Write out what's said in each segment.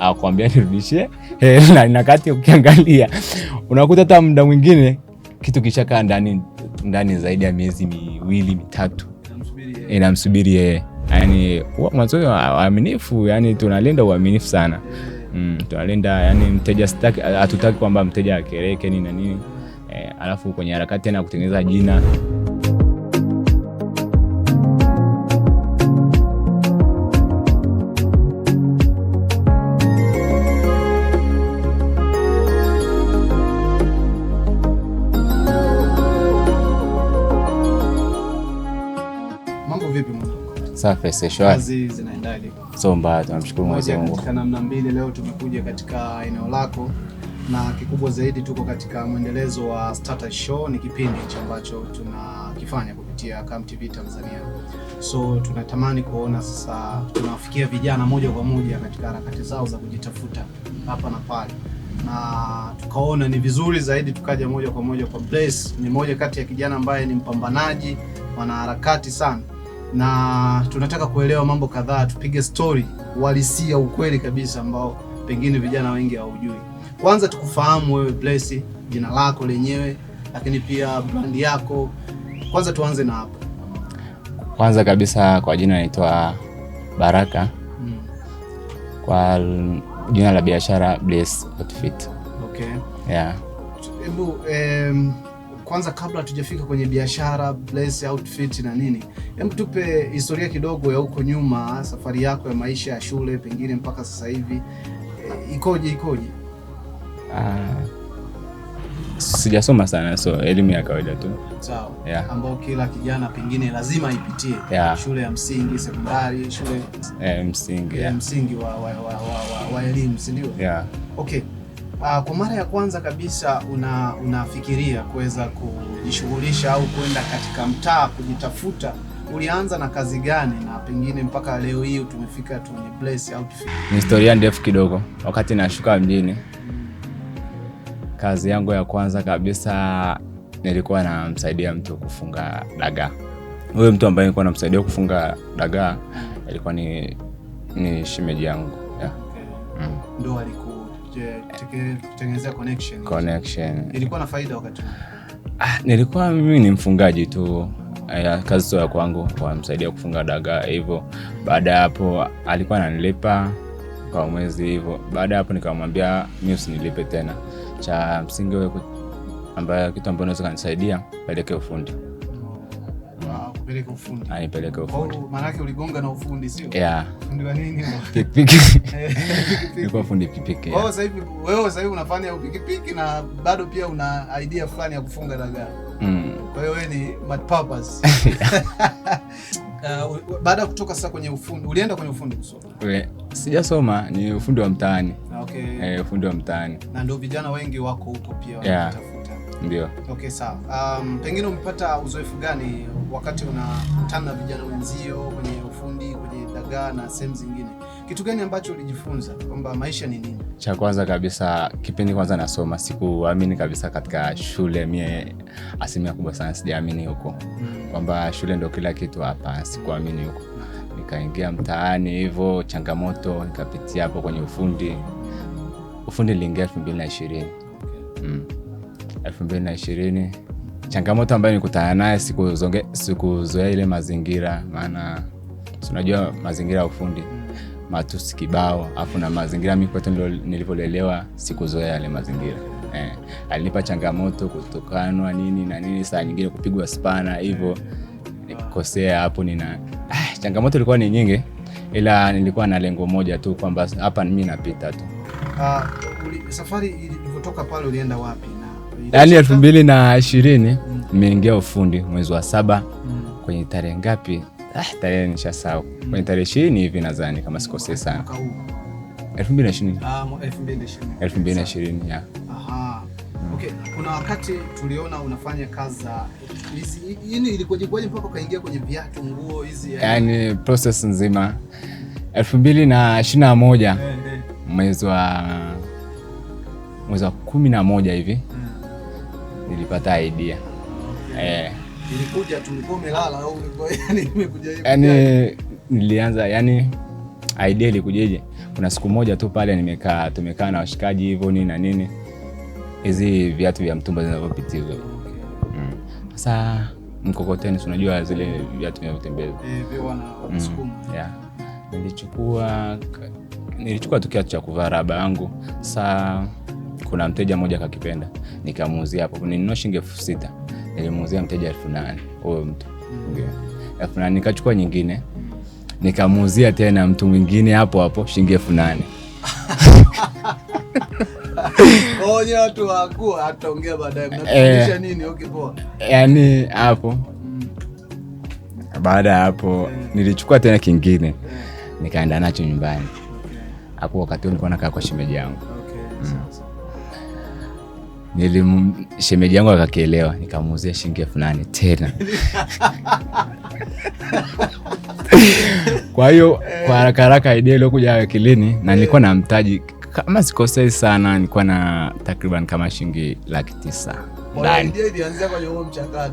akwambia nirudishe hela, eh, na kati ukiangalia unakuta hata muda mwingine kitu kishakaa ndani ndani zaidi ya miezi miwili mitatu inamsubiri yeye. Yani mwanzo uaminifu yani tunalinda uaminifu sana mm, tunalinda yani mteja sitaki, hatutaki kwamba mteja akereke nini na nini e, alafu kwenye harakati tena kutengeneza jina safi, kazi zinaendaje? So mbaya, tunamshukuru Mwenyezi Mungu. Katika namna mbili leo tumekuja katika eneo lako na kikubwa zaidi tuko katika mwendelezo wa Starter Show, ni kipindi hicho ambacho tunakifanya kupitia Come TV Tanzania. So tunatamani kuona sasa tunawafikia vijana moja kwa moja katika harakati zao za kujitafuta hapa na pale, na tukaona ni vizuri zaidi tukaja moja kwa moja kwa Blaise. Ni moja kati ya kijana ambaye ni mpambanaji, wanaharakati sana na tunataka kuelewa mambo kadhaa, tupige stori uhalisia, ukweli kabisa ambao pengine vijana wengi hawajui. Kwanza tukufahamu wewe Blessy, jina lako lenyewe, lakini pia brandi yako. Kwanza tuanze na hapo. Kwanza kabisa kwa jina naitwa Baraka hmm. Kwa jina la biashara Blessy Outfit. Okay. Yeah. Hebu eh, kwanza kabla hatujafika kwenye biashara place, outfit na nini, hebu tupe historia kidogo ya huko nyuma, safari yako ya maisha ya shule pengine mpaka sasa hivi e, ikoje ikoje? Uh, sijasoma sana so elimu ya kawaida tu sawa, yeah. Ambao kila kijana pengine lazima ipitie yeah. Shule ya msingi, sekondari, shule eh, msingi, yeah. Msingi wa, wa, wa, wa, wa, wa elimu si ndio? yeah. Okay. Uh, kwa mara ya kwanza kabisa una unafikiria kuweza kujishughulisha au kwenda katika mtaa kujitafuta, ulianza na kazi gani, na pengine mpaka leo hii tumefika tuni place au tufike? Ni historia ndefu kidogo. Wakati nashuka mjini, kazi yangu ya kwanza kabisa nilikuwa namsaidia mtu kufunga dagaa. Huyo mtu ambaye nilikuwa namsaidia kufunga dagaa alikuwa ni, ni shimeji yangu yeah. Okay. Mm. Ndo alikuwa connection. Connection. Ilikuwa na faida wakati Ah, nilikuwa mimi ni mfungaji tu eh, kazi tu ya kwangu wamsaidia kufunga daga hivyo. Baada ya hapo alikuwa ananilipa kwa mwezi hivyo. Baada ya hapo nikamwambia mimi usinilipe tena, cha msingi wewe, ambayo kitu ambacho unaweza kanisaidia peleke ufundi kupeleka ufundi. Anipeleka ufundi. Maana yake uligonga na ufundi sio? Yeah. nini? Pikipiki. Eh, Nilikuwa fundi pikipiki. Wewe sasa hivi wewe sasa hivi unafanya pikipiki na bado pia una idea fulani ya kufunga dagaa. Mm. Kwa hiyo wewe ni mad purpose. Uh, baada ya kutoka sasa kwenye ufundi ulienda kwenye ufundi kusoma? Sijasoma, ni ufundi wa mtaani. Okay. Eh, ufundi wa mtaani. Na ndio vijana wengi wako huko pia wanatafuta. Yeah. Ndio. Okay, sawa. Um, pengine umepata uzoefu gani wakati unakutana na vijana wenzio kwenye ufundi, kwenye dagaa na sehemu zingine, kitu gani ambacho ulijifunza kwamba maisha ni nini? Cha kwanza kabisa, kipindi kwanza nasoma, sikuamini kabisa katika shule. Mie asilimia kubwa sana sijaamini huko mm. kwamba shule ndio kila kitu. Hapa sikuamini huko, hmm. nikaingia mtaani hivyo, changamoto nikapitia hapo kwenye ufundi. Ufundi niliingia elfu mbili na ishirini hmm. elfu mbili na ishirini changamoto ambayo nikutana naye sikuzoea ile mazingira, maana unajua mazingira ya ufundi matusi kibao, afu na mazingira mi kwetu nilivyolelewa sikuzoea yale mazingira eh. Alinipa changamoto kutukanwa nini na nini, saa nyingine kupigwa spana hivyo, nikosea hapo nina ah, changamoto ilikuwa ni nyingi, ila nilikuwa na lengo moja tu kwamba hapa mi napita tu. Uh, safari ilivyotoka pale ulienda wapi? yani yaani elfu mbili na ishirini nimeingia mm. ufundi mwezi wa saba mm. kwenye tarehe ngapi? Ah, tarehe nishasahau mm. kwenye tarehe ishirini hivi nadhani kama sikosei ah, sana ah, elfu mbili na ishirini elfu mbili na ishirini mm. Okay. Kuna wakati tuliona unafanya kazi za yini, ilikuwaje kwaje mpaka ukaingia kwenye viatu, nguo hizi? Yani yani process nzima elfu mbili na ishirini na moja eh, eh. mwezi wa mwezi wa kumi na moja hivi mm nilipata idea eh, nilikuja au yani nimekuja hivi yani, nilianza yani idea ilikujeje? Kuna siku moja tu pale nimekaa tumekaa na washikaji hivyo nini na nini, hizi viatu vya mtumba zinavyopitia hivyo mm. sasa mm. mkokoteni, unajua zile viatu vinavyotembeza mm. yeah. nilichukua nilichukua tu kiatu cha kuvaa raba yangu sasa kuna mteja mmoja kakipenda, nikamuuzia hapo, nilinunua shilingi elfu sita nilimuuzia mteja elfu nane huyo mtu elfu nane Nikachukua nyingine nikamuuzia tena mtu mwingine hapo hapo shilingi elfu nane oh, Yani eh. hapo mm. baada ya hapo eh. nilichukua tena kingine eh. nikaenda nacho nyumbani hapo. Wakati huo nilikuwa nakaa kwa shemeji yangu. okay, mm. Nilim shemeji yangu akakielewa, nikamuuzia shilingi elfu nane tena. Kwa hiyo kwa eh. haraka haraka idea iliyokuja akilini, na nilikuwa na mtaji kama sikosei sana, nilikuwa na takriban kama shilingi laki tisa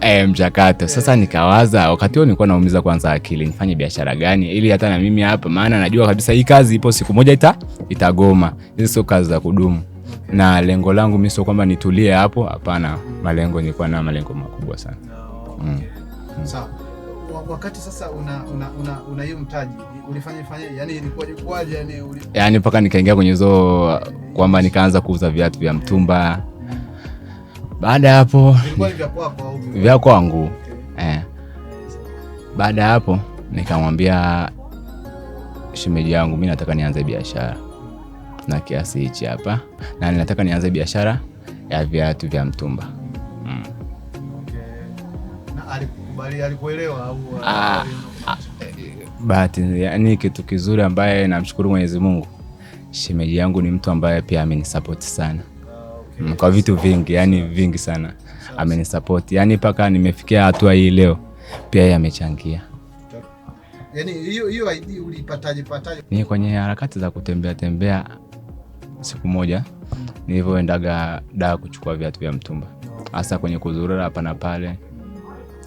E, mchakato sasa. Eh. Nikawaza wakati huo nilikuwa naumiza kwanza akili, nifanye biashara gani ili hata na mimi hapa, maana najua kabisa hii kazi ipo siku moja ita itagoma. Hizi sio kazi za kudumu na lengo langu mi sio kwamba nitulie hapo, hapana. Malengo nilikuwa na malengo makubwa sana. Mm. Mm. Wakati sasa una una una, una hiyo mtaji ulifanya fanya, yani ilikuwa ilikuwaje? Yani ulifanya... yani mpaka nikaingia kwenye zoo kwamba nikaanza kuuza viatu vya mtumba. Baada ya hapo vya kwangu eh, baada ya hapo nikamwambia shemeji yangu, mimi nataka nianze biashara na kiasi hichi hapa, na ninataka nianze biashara ya viatu vya mtumba mm. Okay. Ah, ah, bahati yani kitu kizuri ambaye namshukuru Mwenyezi Mungu, shemeji yangu ni mtu ambaye pia amenisapoti sana uh, okay. kwa vitu vingi yani vingi sana amenisapoti yani mpaka nimefikia hatua hii leo, pia yeye amechangia yani, hiyo hiyo ulipataje pataje? Ni kwenye harakati za kutembea tembea siku moja nilivyoendaga daa kuchukua viatu vya mtumba hasa kwenye kuzurura hapa na pale.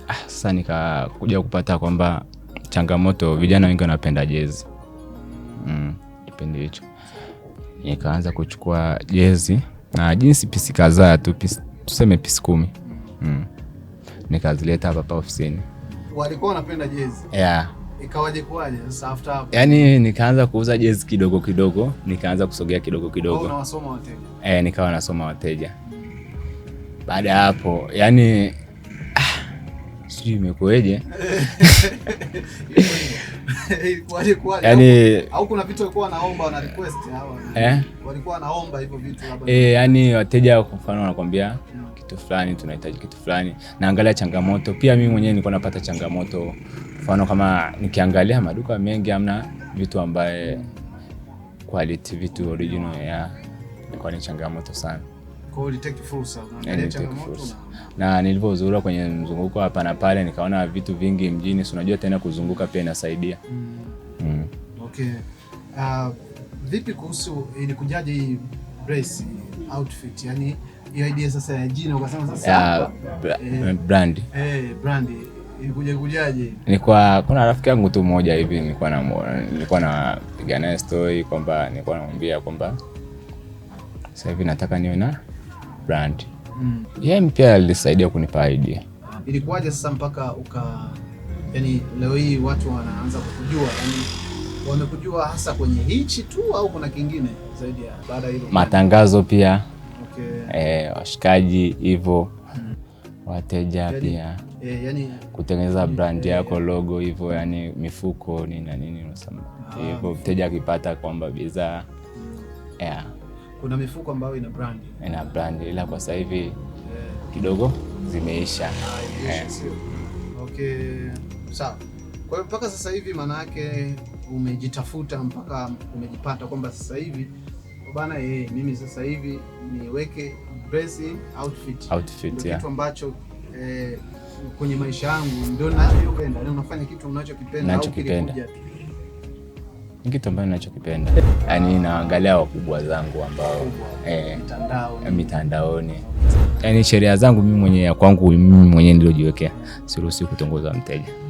Ah, sasa nikakuja kupata kwamba changamoto, vijana wengi wanapenda jezi mm, kipindi hicho nikaanza kuchukua jezi na jinsi pisi kadhaa tu pisi, tuseme pisi kumi mm. nikazileta hapa hapa ofisini, walikuwa wanapenda jezi yeah. Ikawaje kuwaje sasa after hapo? Yaani nikaanza kuuza jezi kidogo kidogo, nikaanza kusogea kidogo kidogo. Unawasoma wateja? Eh, nikawa nasoma wateja. Baada ya hapo, yani ah, sijui imekueje. Kuwaje kuwaje? Yani au kuna vitu walikuwa wanaomba wana request hawa? Eh? Walikuwa wanaomba hivyo vitu labda. Eh, yani wateja kwa mfano wanakuambia hmm kitu fulani, tunahitaji kitu fulani, naangalia changamoto pia. Mimi mwenyewe nilikuwa napata changamoto, mfano kama nikiangalia maduka mengi amna vitu ambaye quality, vitu original ya ilikuwa ni changamoto sana. Kwa hiyo Fursa, fursa. Na yaani nilivyozurura kwenye mzunguko hapa na pale nikaona vitu vingi mjini, si unajua tena kuzunguka pia inasaidia. mm. Mm. Okay. Uh, vipi kuhusu ilikujaje hii brace outfit? Yani hiyo idea sasa ya jina ukasema sasa eh. brand eh brandi ilikuja kujaje? Nilikuwa kuna rafiki yangu tu mmoja hivi nilikuwa na nilikuwa napiga naye story kwamba nilikuwa namwambia kwamba sasa hivi nataka niwe na brand mm. Yeye yeah, pia alisaidia kunipa idea. Ah, ilikuwaje sasa mpaka uka yani leo hii watu wanaanza kukujua yani wamekujua hasa kwenye hichi tu au kuna kingine zaidi ya baada ya hilo? Matangazo pia okay. E, eh, washikaji hivyo mm. wateja yani, pia e, yani, kutengeneza eh, brand e, yako logo hivyo yani mifuko ni na nini hivyo ah, mteja akipata kwamba bidhaa mm. yeah. kuna mifuko ambayo ina brand ina brand ila kwa sasa hivi yeah. kidogo zimeisha ah, yeah. okay. sawa kwa hiyo mpaka sasa hivi maana yake umejitafuta mpaka umejipata kwamba sasa hivi bana yeye, eh, mimi sasa hivi niweke dressing outfit, outfit kitu ambacho eh, kwenye maisha yangu ndio ninachopenda. na unafanya kitu unachokipenda au kile kitu ambacho ninachokipenda, yaani naangalia wakubwa zangu ambao eh, mitandaoni, yaani sheria zangu mimi mwenyewe, kwangu mimi mwenyewe niliojiwekea, siruhusi kutongoza mteja.